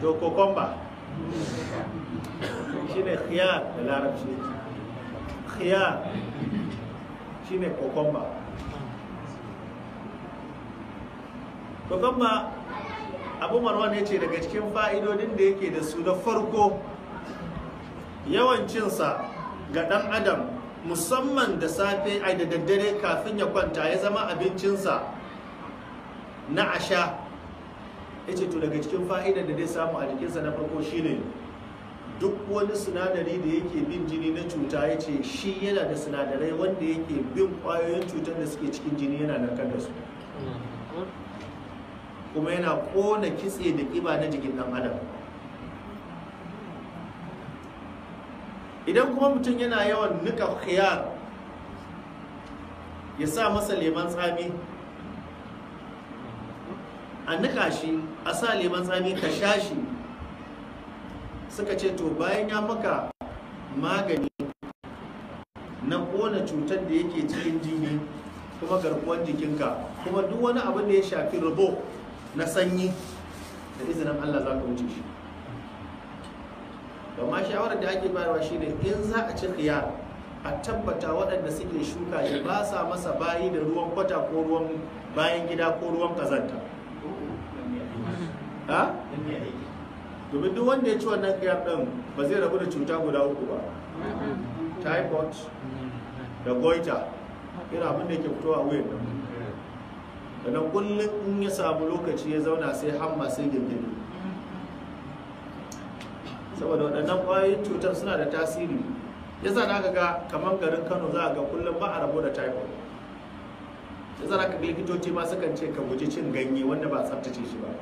to kokomba shine khiyar da larabci khiyar shine kokomba kokomba abu marwan ya ce daga cikin fa'idodin da yake da su na farko sa ga ɗan adam musamman da safe ai da daddare kafin ya kwanta ya zama abincinsa na asha yace to daga cikin fa'idar da zai samu a jikinsa na farko shine duk wani sinadari da yake bin jini na cuta ya ce shi yana da sinadarai wanda yake bin kwayoyin cutar da suke cikin jini yana narkar da su kuma yana kona kitse da kiba na jikin dan adam idan kuma mutum yana yawan nika khiyar ya sa masa leman tsami a nika shi a sa leman tsami ka sha shi suka ce to bayan ya maka magani na ƙona cutar da yake cikin jini kuma garkuwar jikinka kuma duk wani abin da ya shafi rabo na sanyi da izinin Allah za ka wuce shi amma shawarar da ake bayarwa ne in za a ci ya a tabbata waɗanda suke shuka shi ba sa masa bayi da ruwan kwata ko ruwan bayan gida ko ruwan kazanta domin duk wanda ya ci wannan kiyar ɗin ba zai rabu da cuta guda uku ba mm-hmm. typhoid mm-hmm. da goita irin abin da ke fito a wuyan nan mm-hmm. sannan kullum in ya samu lokaci ya zauna sai hamma sai gingiri saboda waɗannan ƙwayoyin cutar suna da tasiri ya zana ka ga kamar garin kano za a ga kullum ba a rabo da typhoid ya zana ka likitoci ma sukan ce ka guji cin ganye wanda ba a tsaftace shi ba